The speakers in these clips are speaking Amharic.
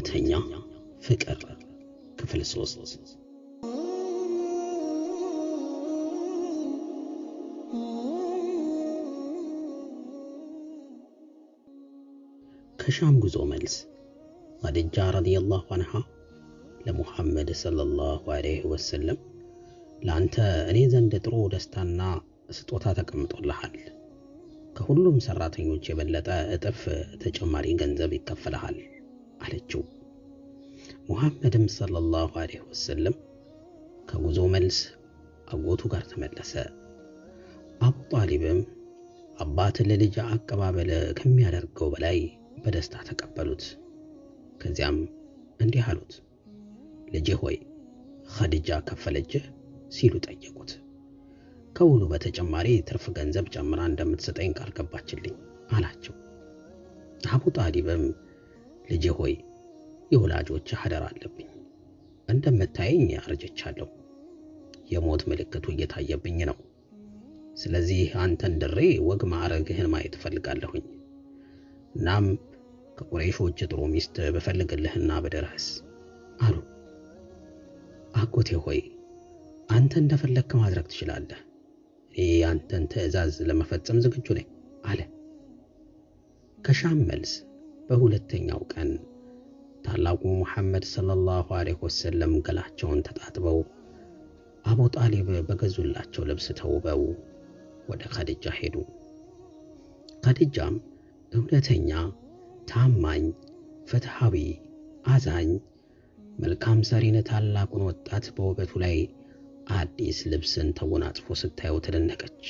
እውነተኛ ፍቅር ክፍል ሶስት ከሻም ጉዞ መልስ ኸዲጃ ረዲየላሁ አንሃ ለሙሐመድ ሰለላሁ ዐለይሂ ወሰለም ለአንተ እኔ ዘንድ ጥሩ ደስታና ስጦታ ተቀምጦልሃል ከሁሉም ሰራተኞች የበለጠ እጥፍ ተጨማሪ ገንዘብ ይከፈልሃል አለችው። ሙሐመድም ሰለላሁ ዐለይሂ ወሰለም ከጉዞ መልስ አጎቱ ጋር ተመለሰ። አቡ ጣሊብም አባት ለልጅ አቀባበል ከሚያደርገው በላይ በደስታ ተቀበሉት። ከዚያም እንዲህ አሉት፣ ልጅ ሆይ ኸዲጃ ከፈለችህ ሲሉ ጠየቁት። ከውሉ በተጨማሪ ትርፍ ገንዘብ ጨምራ እንደምትሰጠኝ ቃል ገባችልኝ አላቸው። አቡ ጣሊብም ልጄ ሆይ የወላጆች አደር አለብኝ። እንደምታየኝ አርጀቻለሁ። የሞት ምልክቱ እየታየብኝ ነው። ስለዚህ አንተን ድሬ ወግ ማዕረግህን ማየት እፈልጋለሁኝ። እናም ከቁረይሾች ጥሩ ሚስት በፈልግልህና በደረስ አሉ። አጎቴ ሆይ አንተ እንደፈለግክ ማድረግ ትችላለህ። እኔ አንተን ትዕዛዝ ለመፈጸም ዝግጁ ነኝ አለ። ከሻም መልስ በሁለተኛው ቀን ታላቁ ሙሐመድ ሰለላሁ ዐለይሂ ወሰለም ገላቸውን ተጣጥበው አቡ ጣሊብ በገዙላቸው ልብስ ተውበው ወደ ኸዲጃ ሄዱ። ኸዲጃም እውነተኛ ታማኝ፣ ፍትሃዊ አዛኝ፣ መልካም ሰሪነ ታላቁን ወጣት በውበቱ ላይ አዲስ ልብስን ተጎናጽፎ ስታየው ተደነቀች።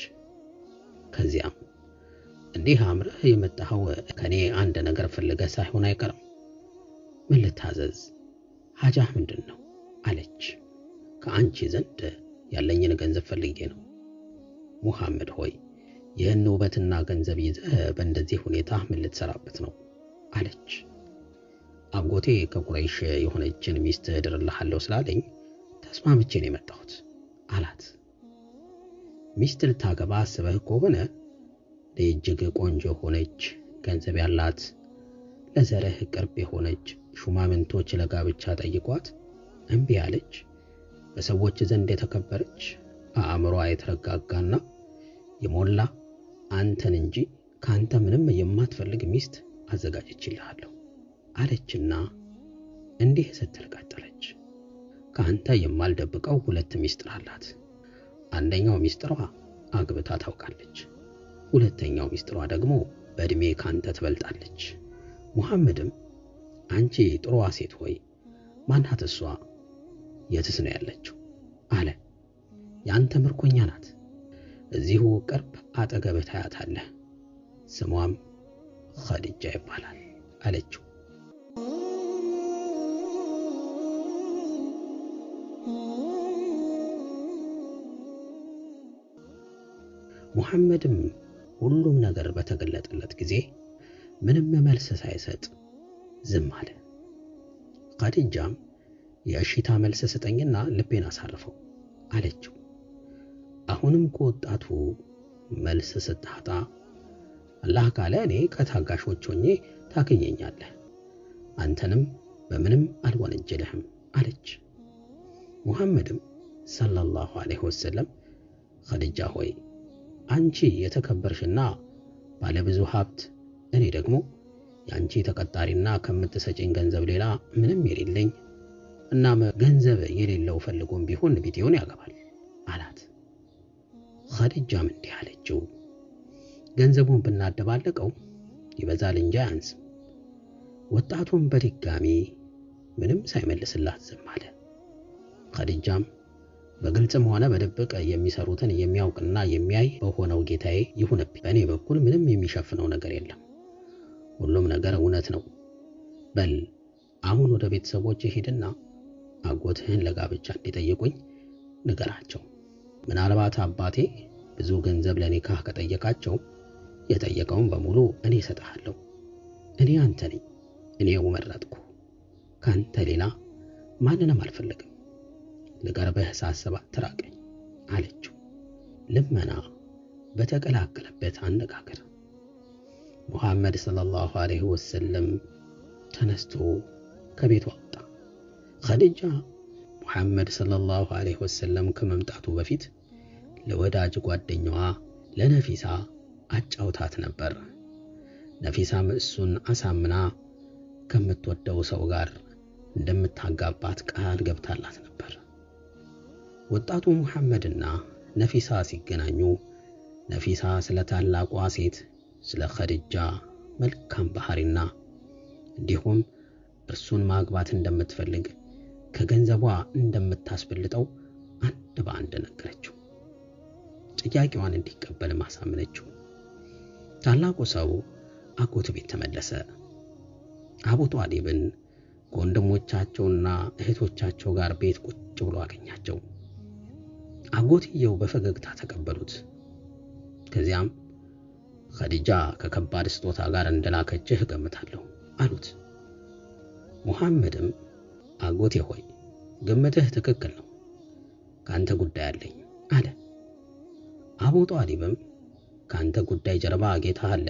ከዚያም እንዲህ አምረህ የመጣኸው ከእኔ አንድ ነገር ፈልገህ ሳይሆን አይቀርም። ምን ልታዘዝ? ሀጃህ ምንድን ነው አለች። ከአንቺ ዘንድ ያለኝን ገንዘብ ፈልጌ ነው። ሙሐመድ ሆይ ይህን ውበትና ገንዘብ ይዘህ በእንደዚህ ሁኔታ ምን ልትሰራበት ነው አለች። አጎቴ ከቁረይሽ የሆነችን ሚስት እድርልሃለሁ ስላለኝ ተስማምቼ ነው የመጣሁት አላት። ሚስት ልታገባ አስበህ ከሆነ እጅግ ቆንጆ የሆነች ገንዘብ ያላት ለዘርህ ቅርብ የሆነች ሹማምንቶች ለጋብቻ ጠይቋት እምቢ አለች። በሰዎች ዘንድ የተከበረች አእምሯ የተረጋጋና የሞላ አንተን እንጂ ከአንተ ምንም የማትፈልግ ሚስት አዘጋጅችልሃለሁ አለችና እንዲህ ስትል ቀጠለች። ከአንተ የማልደብቀው ሁለት ሚስጥር አላት። አንደኛው ሚስጥሯ አግብታ ታውቃለች። ሁለተኛው ሚስጥሯ ደግሞ በእድሜ ካንተ ትበልጣለች። ሙሐመድም አንቺ ጥሩዋ ሴት ሆይ ማናት እሷ? የትስ ነው ያለችው? አለ። የአንተ ምርኮኛ ናት። እዚሁ ቅርብ አጠገብህ ታያታለህ። ስሟም ኸዲጃ ይባላል አለችው። ሙሐመድም ሁሉም ነገር በተገለጠለት ጊዜ ምንም መልስ ሳይሰጥ ዝም አለ። ኻዲጃም የእሽታ መልስ ስጠኝና ልቤን አሳርፈው አለችው። አሁንም ከወጣቱ መልስ ስታጣ አላህ ካለ እኔ ከታጋሾች ሆኜ ታገኘኛለህ፣ አንተንም በምንም አልወነጀለህም አለች። ሙሐመድም ሰለላሁ ዐለይሂ ወሰለም ኸዲጃ ሆይ አንቺ የተከበርሽና ባለብዙ ሀብት፣ እኔ ደግሞ የአንቺ ተቀጣሪና ከምትሰጪኝ ገንዘብ ሌላ ምንም የሌለኝ እናም ገንዘብ የሌለው ፈልጎም ቢሆን ቢጤውን ያገባል አላት። ኸዲጃም እንዲህ አለችው፣ ገንዘቡን ብናደባለቀው ይበዛል እንጂ አያንስም። ወጣቱም በድጋሚ ምንም ሳይመልስላት ዝም አለ። ኸዲጃም በግልጽም ሆነ በድብቅ የሚሰሩትን የሚያውቅና የሚያይ በሆነው ጌታዬ ይሁንብኝ። በእኔ በኩል ምንም የሚሸፍነው ነገር የለም። ሁሉም ነገር እውነት ነው። በል አሁን ወደ ቤተሰቦች ሄድና አጎትህን ለጋብቻ እንዲጠይቁኝ ንገራቸው። ምናልባት አባቴ ብዙ ገንዘብ ካህ ከጠየቃቸው የጠየቀውን በሙሉ እኔ እሰጥሃለሁ። እኔ አንተ ነኝ፣ እኔው መረጥኩ። ከአንተ ሌላ ማንንም አልፈለግም። ለቀርበህ ሳስባት ራቀኝ አለችው ልመና በተቀላቀለበት አነጋገር። ሙሐመድ ሰለላሁ ዐለይሂ ወሰለም ተነስቶ ከቤቱ ወጣ ኸዲጃ ሙሐመድ ሰለላሁ ዐለይሂ ወሰለም ከመምጣቱ በፊት ለወዳጅ ጓደኛዋ ለነፊሳ አጫውታት ነበር። ነፊሳም እሱን አሳምና ከምትወደው ሰው ጋር እንደምታጋባት ቃል ገብታላት ነበር። ወጣቱ ሙሐመድና ነፊሳ ሲገናኙ ነፊሳ ስለ ታላቋ ሴት ስለ ኸድጃ መልካም ባህሪና እንዲሁም እርሱን ማግባት እንደምትፈልግ ከገንዘቧ እንደምታስበልጠው አንድ በአንድ ነገረችው። ጥያቄዋን እንዲቀበል ማሳመነችው። ታላቁ ሰው አጎት ቤት ተመለሰ። አቡ ጧሊብን ከወንድሞቻቸውና እህቶቻቸው ጋር ቤት ቁጭ ብሎ አገኛቸው። አጎትየው በፈገግታ ተቀበሉት። ከዚያም ኸዲጃ ከከባድ ስጦታ ጋር እንደላከችህ እገምታለሁ አሉት። ሙሐመድም አጎቴ ሆይ ግምትህ ትክክል ነው፣ ከአንተ ጉዳይ አለኝ አለ። አቡ ጧሊብም ከአንተ ጉዳይ ጀርባ ጌታ አለ፣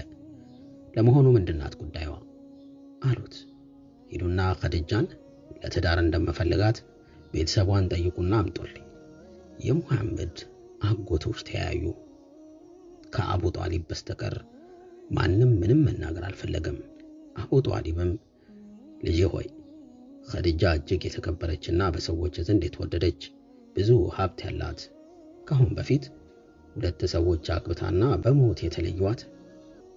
ለመሆኑ ምንድናት ጉዳዩዋ አሉት። ሂዱና ኸዲጃን ለትዳር እንደምፈልጋት ቤተሰቧን ጠይቁና አምጡልኝ የሙሐመድ አጎቶች ተያዩ። ከአቡ ጣሊብ በስተቀር ማንም ምንም መናገር አልፈለገም። አቡ ጧሊብም ልጄ ሆይ ኸዲጃ እጅግ የተከበረችና በሰዎች ዘንድ የተወደደች ብዙ ሀብት ያላት ከአሁን በፊት ሁለት ሰዎች አግብታና በሞት የተለዩዋት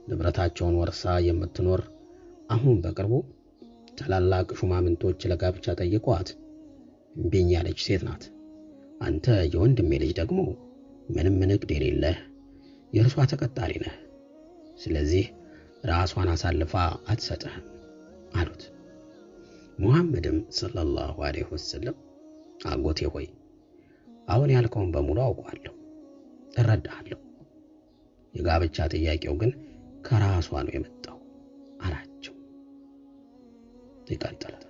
ንብረታቸውን ወርሳ የምትኖር አሁን በቅርቡ ታላላቅ ሹማምንቶች ለጋብቻ ጠይቋት እምቢኝ ያለች ሴት ናት። አንተ የወንድሜ ልጅ ደግሞ ምንም ንግድ የሌለህ የእርሷ ተቀጣሪ ነህ። ስለዚህ ራሷን አሳልፋ አትሰጥህም አሉት። ሙሐመድም ሰለላሁ ዐለይሂ ወሰለም አጎቴ ሆይ አሁን ያልከውን በሙሉ አውቀዋለሁ፣ እረዳሃለሁ። የጋብቻ ጥያቄው ግን ከራሷ ነው የመጣው አላቸው። ይቀጥላል።